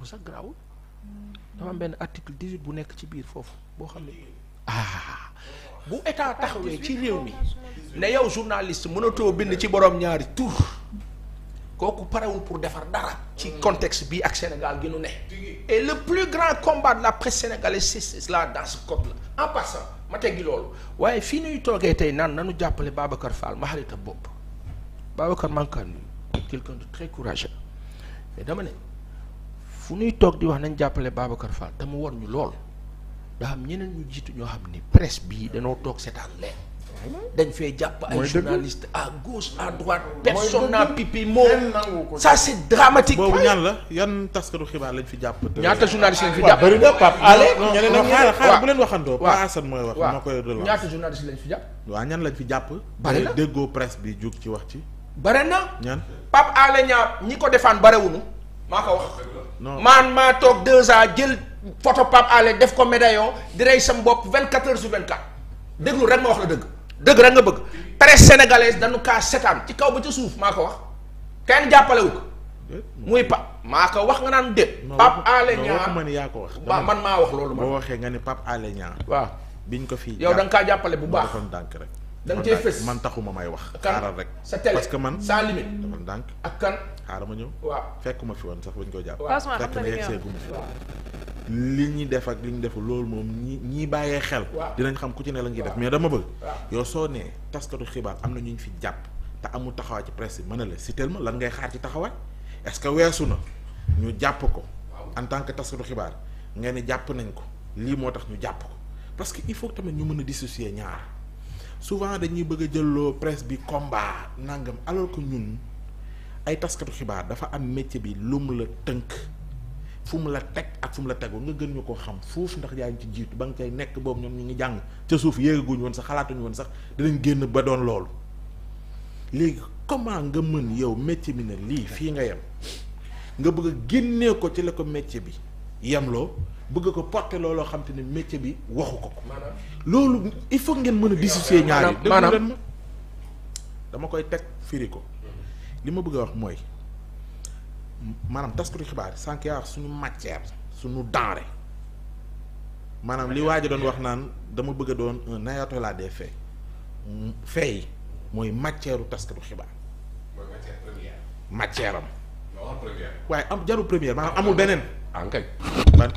boobu sax garaawul dafa am benn article 18 bu nekk ci biir foofu boo xam ne ah taxawee ci réew mi ne yow journaliste mënatoo bind ci borom ñaari tur kooku parewul pour defar dara ci contexte bi ak Sénégal gi nu ne et le plus grand combat la presse sénégalaise c'est cela dans code là en passant ma teggi loolu waaye fii nuy toogee tey naan nanu jàppale Babacar Fall ma xarit a bopp Babacar mankan quelqu'un de très courageux mais dama ne fu ñuy toog di wax nañ jàppale Babacar Fall te mu war ñu lool daa xam ñeneen ñu jiitu ñoo xam ni presse bii danoo toog seetaan leen dañ fee jàpp ay journaliste à gauche à droite personne n'a pipi mot ça c'est dramatique boobu ñaan la yan taskatu xibaar lañ fi jàpp ñaata journaliste lañ fi jàpp bëri na Pape Alé ñeneen ak xaaral xaaral bu leen lañ fi jàpp waaw ñan lañ fi jàpp bëri na déggoo presse bi jug ci wax ci bëri na ñan Pape Alé ñaa ñi ko defaan barewuñu maa ko wax. maan maa toog deux ans jël photo Pape Alé def ko médaillon di rey sam mbokk vingt quatre heures sur vingt quatre déglu rek ma wax la dëgg dëgg rek nga bëgg presse sénégalaise dañu kaa setaan ci kaw ba ca suuf maa ko wax kenn jàppale ko muy Pape maa ko wax nga naan déet. Pape Alé Niang man yaa ko wax. man maa wax loolu. ma boo waxee nga ne Pape Alé Niang. waaw biñ ko fii yow danga kaa jàppale bu baax rek. da man taxuma may wax. xaaral rek sa que man sans limite. dafa ndànk ak kan. xaaral ma ñëw. waaw fekkuma fi woon sax bañ ko jàpp. waaw fekk na yegg seeguma fi li ñuy def ak li ñu deful loolu moom ñi ñi bàyyee xel. dinañ xam ku ci ne la ngi def mais dama bëgg. yow soo nee taskatu xibaar am na ñu ñu fi jàpp te amul taxawaay ci presse bi mën na la si tellement lan ngay xaar ci taxawaay est-ce que weesu na ñu jàpp ko. en tant que taskatu xibaar nga ne jàpp nañ ko lii moo tax ñu jàpp ko parce que il faut tamit ñu mën a dissocier ñaar souvent dañuy bëgg a jëlloo presse bi combat nangam alors que ñun ay taskatu xibaar dafa am métier bi lu mu la tënk fu mu la teg ak fu mu la tegul nga gën ñu ko xam fuuf ndax yaa ngi ci jiitu ba nga cay nekk boobu ñoom ñu ngi jàng ca suuf yéegaguñu woon sax xalaatuñu woon sax dinañ génn ba doon loolu léegi comment nga mën yow métier bi na lii fii nga yem nga bëgg a génnee ko ci la ko métier bi. yemloo bëgg ko porter looloo xam te ne métier bi waxu ko ko. loolu il faut ngeen mën a dissocier ñaari maanaam déglu leen ma dama koy teg firi ko mhm. li ma bëgg a wax mooy maanaam taskatu xibaar sànq yaa suñu matière suñu denre maanaam li waa ji doon wax naan dama bëgg a doon un ayatollah des faits faits mooy matière taskatu xibaar. mooy matière am. waaye am jaru premier maanaam amul beneen. ankay man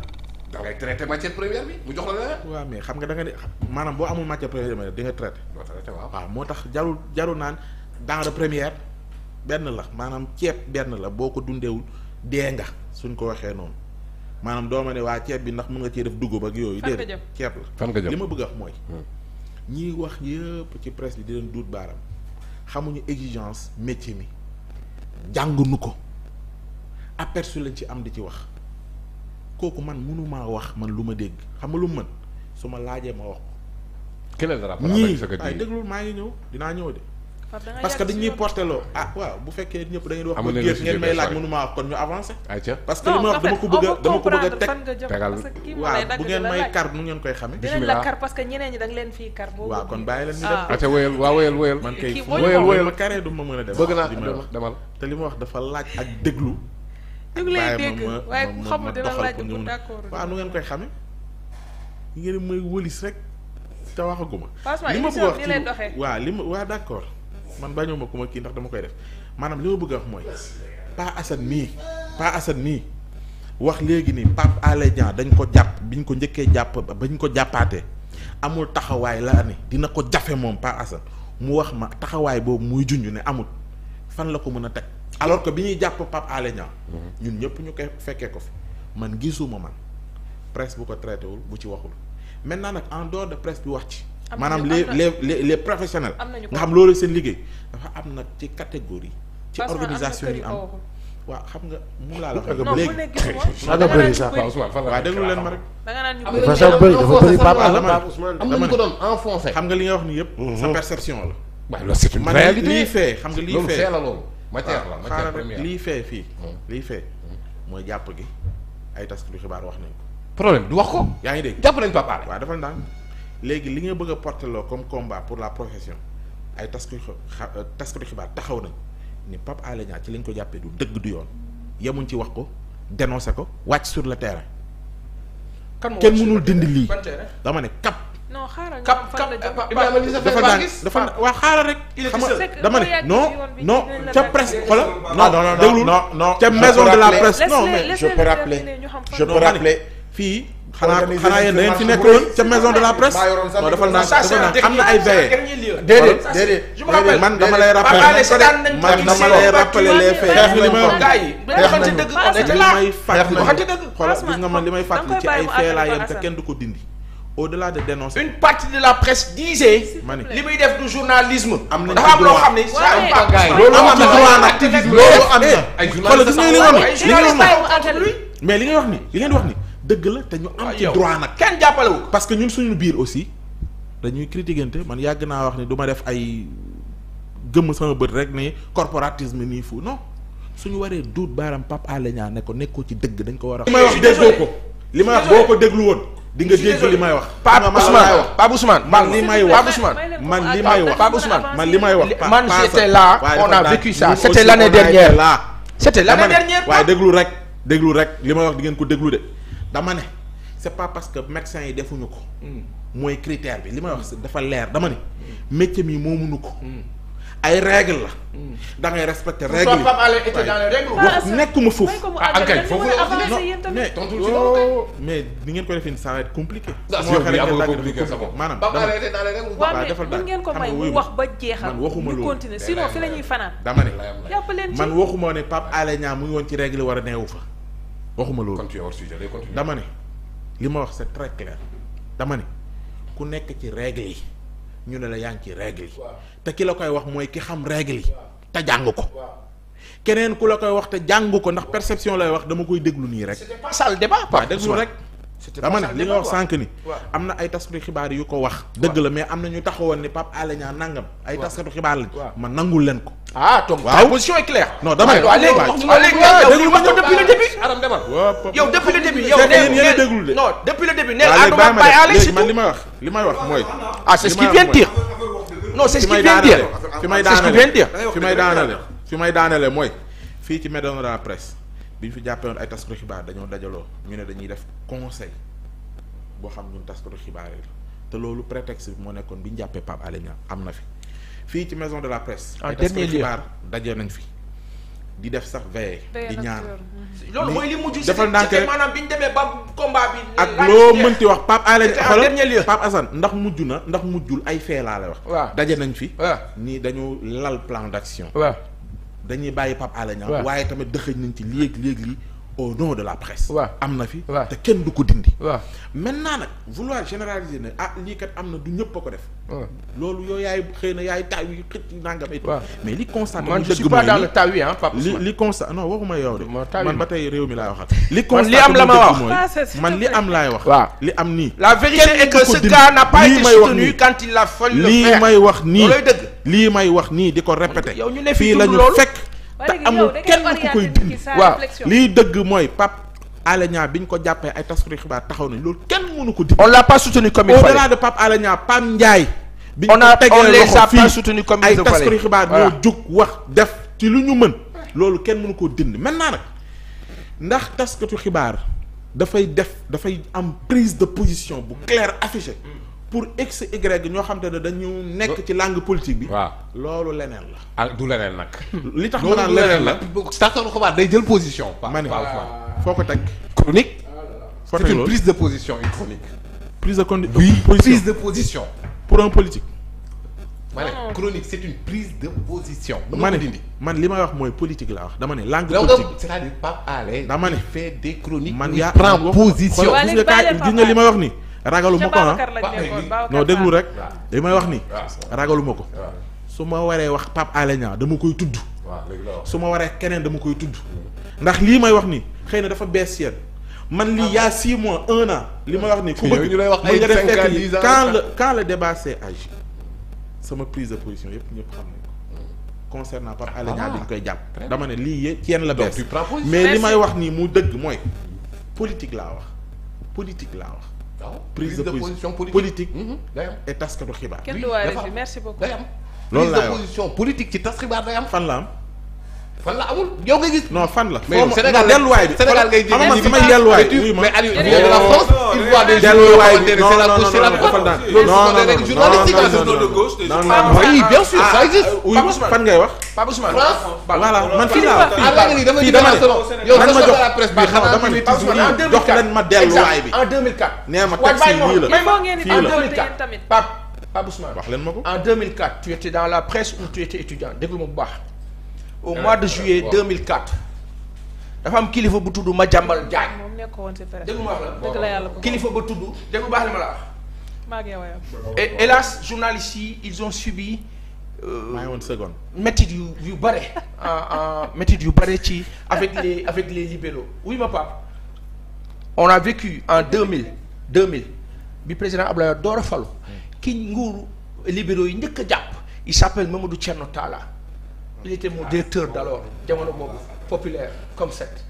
da ngay traité matière première bi mu jox la leneen. waaw mais xam nga danga nga maanaam boo amul matière première di nga traité. doo traité waaw waaw moo tax jarul jarul naan denrée première benn la maanaam ceeb benn la boo ko dundeewul dee nga suñ ko waxee noonu maanaam doo ma ne waa ceeb bi ndax mën nga cee def dugub ak yooyu. déedéet ceeb la fan nga jëm li ma bëgg a wax mooy. Hmm. ñiy wax yëpp ci presse bi di leen duut baaram xamuñu exigence métier mi jànguñu ko aperçu lañ ci am di ci wax. kooku man mënumaa wax man lu ma dégg xam nga lu mu mën su ma laajee ma wax ko. quel est maa ngi ñëw dinaa ñëw de. parce que dañuy porté loo ah waaw bu fekkee ñëpp dañuy wax. amuñu li ma wax dama ko bëgg a a teg tegal waaw bu ngeen may kar nu ngeen koy xamee. dinañ la kar da nga leen fii a def. bëgg naa te li ma wax dafa laaj ak déglu ñu ngi lay dégg waaye ku xamul dina laaj bu d'accord waaw nu ngeen koy xame ñu ngeen mooy wëlis rek te waxaguma li ma bëgg wax ci waaw li ma waaw d'accord man bañuma ku ma kii ndax dama koy def maanaam li ma bëgg wax mooy Pa Assane nii Pa Assane nii wax léegi ni Pape Alé dañ ko jàpp biñ ko njëkkee jàpp bañ ko jàppaatee amul taxawaay la ni dina ko jafe moom Pa Assane mu wax ma taxawaay boobu muy junj ne amul fan la ko mën a teg alors que bi ñuy jàpp Pape Alé Niang mhm. ñun ñëpp ñu koy fekkee ko fi man gisuma man presse bu ko traité wul bu ci waxul maintenant nag en dehors de presse bi wax ci maanaam les les les professionnels nga xam loolu seen liggéey dafa am na ci catégorie ci organisation yi am waaw xam nga moom laa la wax léegi dafa bëri sax leen ma rek dafa bëri dafa bëri Pape Alé am nañu ko doon enfoncé li nga wax ni yëpp mhm. sa perception la waaw c'est une réalité lii fee xam nga lii fee la matière la matière première lii fee fii. Hmm. lii fee mooy jàpp gi ay taskatu xibaar wax nañ ko. problème du wax ko. yaa ngi dégg jàpp nañ Pape Alé. waaw léegi li ngay bëgg a porté loo comme combat pour la profession ay taskatu euh, taskatu xibaar taxaw nañ ni Pape Alé Niang ci lañ ko jàppee du dëgg du yoon yemuñ ci wax ko dénoncé ko wàcc sur le terrain. kan kenn mënul dindi lii dama ne kap. xaaral dafa daan dafa waaw xaaral rek. xam nga dama ne non non ca presse xoolal. non non déglu de la presse. non fii. xanaa xanaa yéen da ngeen fi nekk woon ca maison de la presse non dafa naan dafa naan na ay veillées man dama lay rappeler man dama lay rappeler les faits xeex li may wax xeex nañu xeex nga man li may fàttali ci ay faits laa yem te kenn du ko dindi au-delà de dénoncer. une partie de la presse disait. ma ne li muy def du journalisme. am nañ ci droit am loolu eh, mais li ngay wax ni li ngeen wax ni dëgg la te ñu am ci droit nag. kenn jàppale wu parce que ñun suñu biir aussi dañuy critiquante man yàgg naa wax ni duma def ay gëmm sama bët rek ni corporatisme nii fu non suñu waree duut baaram Pape Alé Niang ne ko nekkoo ci dëgg dañ ko war a. li may wax ko li ma wax boo ko déglu woon di nga li may wax. Pape Ousmane Pape Ousmane man li may wax Pape Ousmane man li may wax man li may wax. man j'étais là on a vécu ça c'était l'année dernière c'était l'année dernière déglu rek déglu rek li may wax di ngeen ko déglu de dama ne c'est pas parce que médecins yi defuñu ko. Hmm. mooy critère bi li may wax dafa leer dama ne métier mi moomuñu ko. Hmm. ay règle la. da ngay respecté règle yi wax nekkuma foofu. Ah, foofu mais oh. mais ni ngeen ko defee nii ça va être compliqué. maanaam dama defal daal ngeen ko may mu wax ba jeexal. man waxuma loolu continuer sinon fi la ñuy dama ne jàpp leen ne Pape Alé Niang mu ngi woon ci règle war a neewu fa. waxuma loolu dama ne li ma wax c'est très clair dama ne ku nekk ci règle yi. ñu ne la yaa ngi ci règle yi te ki la koy wax mooy ki xam règle yi te jàng ko keneen ku la koy wax te jàng ko ndax perception lay wax dama koy déglu nii rek. c'était pas ça le débat. waaw déglu rek. dama ne li nga wax sànq ni am na ay taskatu xibaar yu ko wax dëgg la mais am na ñu woon ni Pape Alé Niang nangam ay taskatu xibaar lañ ma nangul leen ko ah donc position est claire non dama ne waaw léegi ko depuis le début aram demal yow depuis le début yow yéen déggul man li may wax li may wax mooy a ah, c'est ce qu'il vient de dire non c'est ce qu'il vient de fi may daanale fi may daanale fi may daanale mooy fii ci Maison de la bi ñu fi jàppee woon ay taskatu xibaar dañoo dajaloo ñu ne dañuy def conseil boo xam ñun taskatu xibaar yi la te loolu prétexte bi moo nekkoon bi ñu jàppee Pape Alé Niang am na fi fii ci maison de la presse. ay taskatu xibaar daje nañ fi. di def sax veille di ñaan loolu mooy li mujj defal ndànk rek maanaam bi ñu demee ba combat bi ak loo mënti wax Pape Alé xoolal Pape Assane ndax mujj na ndax mujjul ay fee laa lay wax daje nañ fi waaw nii dañu lal plan d'action waaw dañuy bàyyi Pape Alé Niang waaye tamit dëxëñ nañ ci léegi léegi lii au nom de la presse. waaw am na fi. te kenn du ko dindi. waaw maintenant nag vouloir généraliser ne ah lii kat am na du ñëpp ko def. loolu yow yaay xëy na yaay taaw yi xëcc nangam et tout. mais li constat mooy man je suis pas li li constat non waxuma yow de. man ba tey réew mi laay waxal. li constat li am la ma man li am laay wax. waaw li am nii. la vérité est que ce gars lii may wax nii. looloy dëgg. lii may wax nii di ko répété fii la ñu fekk te amul kenn ku koy dindi lii dëgg mooy Pape Alé Niang bi ñu ko jàppee ay taskatu xibaar taxaw nañ loolu kenn mënu ko dindi on l'a pas soutenu comme il fallait au bi ñu ko tegee loxo fii ay taskatu xibaar wax def ci lu ñu mën loolu kenn mënu ko dindi maintenant nag ndax taskatu xibaar dafay def dafay am prise de position bu claire affichée pour x y ñoo xam te ne dañu nekk ci langue politique bi. waaw loolu leneen la. ah du leneen nag. li tax ma naan leneen la loolu xabaar day jël position. ma ne foo ko teg. chronique. Ah, c'est une prise de position une chronique. prise de condu oui prise de position. pour un politique. ma ne ah. chronique c'est une prise de position. ma man li may wax mooy politique la wax dama ne langue politique. c'est-à-dire Pape Alé. dama ne fait man yaa prend position. gis nga li may wax ni ragaluma ma ko ah. noo non déglu rek li may wax ni ragalu ma ko su ma waree wax Pape Alé Niang dama koy tudd su ma waree keneen dama koy tudd mm-hmm. ndax lii may wax nii xëy na dafa bees yéen man lii ah yaa six mois un an li may wax ni ku bëgg mën nga def fekk yi quand le quand le débat s'est agi sama prise de position yëpp ñëpp xam nañ ko mm-hmm. concernant Pape Alé ah Niang koy jàpp dama ne lii yé ci yéen la bees mais li may wax nii mu dëgg mooy politique laa wax politique laa wax prise de position politique mhm. et taskatu xibaar. kenn du waare merci beaucoup. prise de position politique ci tas xibaar day am fan la am. fan la amul yow nga gis. non fan la. mais Sénégal delluwaay bi Sénégal ngay jéem a samay delluwaay. mais Aliou il vient de la France il voit des delluwaay bi non non non non ah, non fan ngay wax. Pape Ousmane voilà man fii laa ah, fii dama ne yow ma jox bi xam dama ne toujours nii jox leen ma delluwaay bi. en 2004 nee ma taxi lii la fii la Pape Pape Ousmane wax leen ma ko. en 2004 tu étais dans la presse ou tu étais étudiant déglu ma bu baax au mois de juillet 2004 dafa am kilifa bu tudd Madiambal Diagne. moom nekkoon si ma wax la kilifa ba tudd dégg baax li ma la wax. maa ngi et yi ils ont subi. Euh, maa métit yu yu bare. métit yu bare ci avec les avec les ma papa on a vécu en deux mille deux mille bi président Abdoulaye door a falu hmm. ki nguuru libéraux yi njëkk a jàpp il s' appelle Mamadou Thierno Talla. il était mon directeur d'alors jamono boobu populaire comme set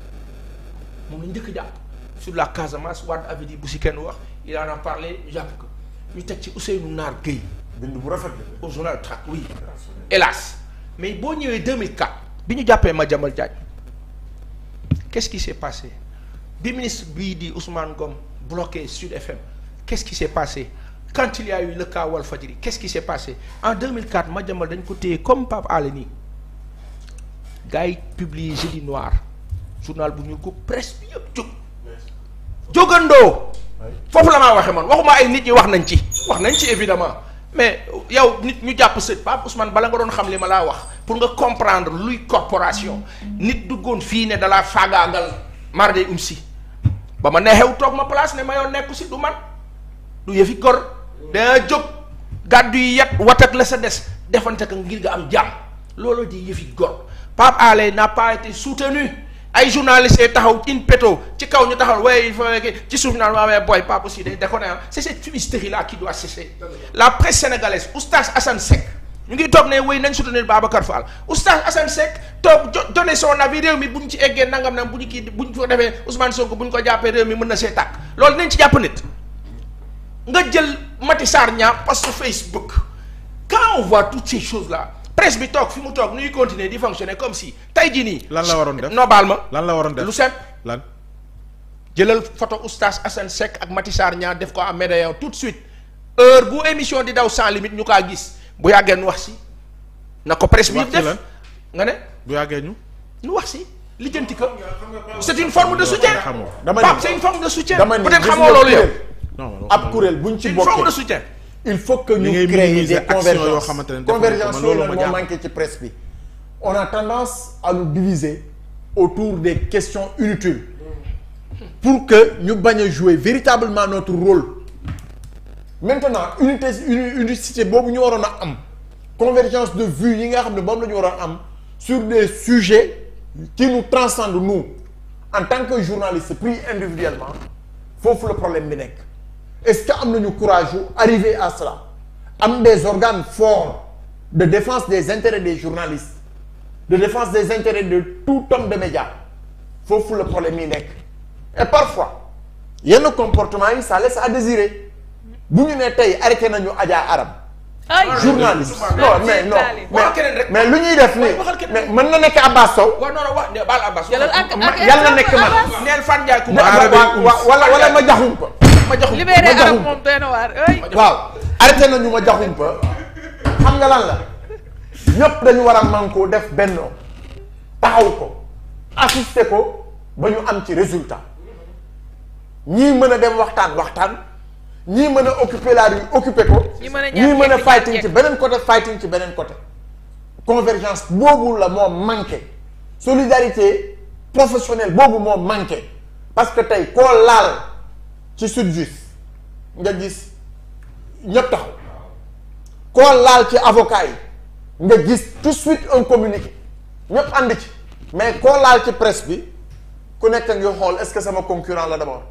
moom la njëkk jàpp sur la Casamance Wade avait dit bu si kenn wax a parlé jàpp ko ñu teg ci Ousseynou Naar Gueye bind bu rafet au journal Trac mais boo ñëwee 2004 bi ñu jàppee Madiambal Diagne qu'est-ce qui s'est passé bi ministre bii di Ousmane Ngom bloqué Sud FM quest qui s'est passé quand il y a eu le cas Walfadjri qu'est-ce qui s'est passé en 2004 Madiambal dañ ko téye comme Pape Alé nii gars yi publier jeudi noir journal bu ñu ko presse bi yëpp jóg jógandoo foofu la maa waxee man waxuma ay nit ñi wax nañ ci wax nañ ci évidemment mais yow nit ñu jàpp sët Pape Ousmane bala nga doon xam li ma laa wax pour nga comprendre luy corporation nit duggoon fii ne dalaa faagaagal marde um si ba ma neexew toog ma place ne ma yoon nekku si du man du yëfi gor daa jóg gàddu yi yet watak la sa des defante ka ngir nga am jàmm looloo di yëfi gor Pape Alé n'a pas été soutenu ay journalistes taxaw in petto ci kaw ñu taxaw waaye ci suuf naan waaye booy Pape aussi day déconné ah. c'est cette fumisterie là qui doit cesser la presse sénégalaise Oustaz Assane Seck ñu ngi toog ne wéy nañ soutenir Babacar Fall Oustaz Assane Seck toog donné son avis réew mi bu ñu ci eggee nangam nag bu ñu kii bu ñu ko defee Ousmane Sonko bu ñu ko jàppee réew mi mën na see tàkk loolu nañ ci jàpp nit nga jël Mati Sarr ñaa post Facebook quand on voit toutes ces choses presse bi toog fi mu toog nuy continuer di fonctionner comme si tey jii nii. lan la waroon def noo baal ma. lan la waroon def lu simple. lan jëlal photo oustaz Assane Seck ak Mati Sarr ñaar def ko am médaillon tout de suite heure bu émission di daw sans limite ñu kaa gis bu yàggee nu wax si. na ko presse bi def nga ne. bu yàggee nu ñu wax si lijjanti ko. c'est une forme de soutien. dama c'est une forme de soutien. bu être xamoo loolu yow. ab kuréel buñ ci bokkee une il faut que ñu créer des convergences convergence yooyu lan moo manqué ci presse bi on a tendance à nous diviser autour des questions inutiles pour que ñu bañ a jouer véritablement notre rôle maintenant unité unicité boobu ñu waroon a am convergence de vues yi nga xam ne moom la ñu waroon a am sur des sujets qui nous transcendent nous en tant que journaliste pris individuellement foofu le problème bi nekk est-ce que am nañu courage wu arriver à cela am des organes forts de défense des intérêts des journalistes de défense des intérêts de tout homme de média foofu la problème yi nekk et parfois yenn comportement yi ça laisse à désirer bu ñu ne tey arrêté nañu Adja Arab journaliste non mais non mais lu ñuy def nii mais mën na nekk Abbas Sow yàlla na nekk man neel Fane Ndiaye wala wala ma jaxum ko ma jaxum libéré arab moom doy na waar waaw arrêté nañu ma jaxum pa xam nga lan la ñëpp dañu war a mànkoo def bennoo taxaw ko assister ko ba ñu am ci résultat ñii mën a dem waxtaan waxtaan ñii mën a occuper laa rue occuper ko ñii mën a fighting ci beneen côté fighting ci beneen côté convergence boobu la moo manqué solidarité professionnelle boobu moo manqué parce que tey koo laal ci sud juif nga gis ñëpp taxaw koo laal ci avocat yi nga gis tout de suite un communiqué ñëpp ànd ci mais koo laal ci presse bi ku nekk ngi xool est-ce que sama concurrent la d'abord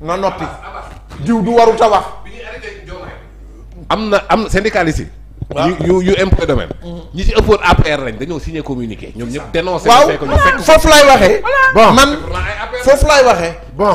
na noppi ah, ah, ah, diw du warut a wax am na am na syndicaliste yi yu yu impôt domaine mhm. ñi ci ëppoon APR lañ dañoo signé communiqué ñoom ñëpp dénoncé waaw foofu lay waxee bon man foofu lay waxee bon